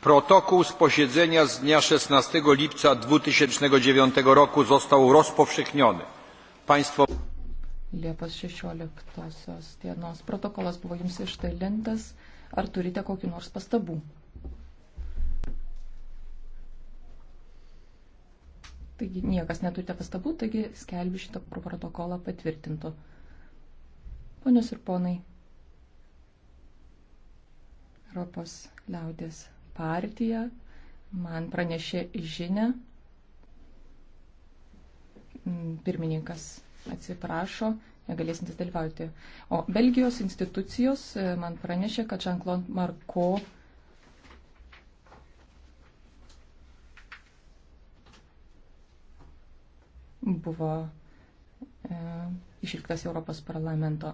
Protokół z posiedzenia z dnia 16 lipca 2009 roku został rozpowszechniony. Państwo... Liepos 16 dienos protokolas buvo jums išdalintas. Ar turite kokį nors pastabų? Taigi niekas neturite pastabų, taigi skelbi šitą protokolą patvirtintų. Ponios ir ponai, Europos liaudės partija man pranešė žinę. Mm, pirmininkas atsiprašo, negalėsintis dalyvauti. O Belgijos institucijos e, man pranešė, kad Jean-Claude Marko buvo e, išrinktas Europos parlamento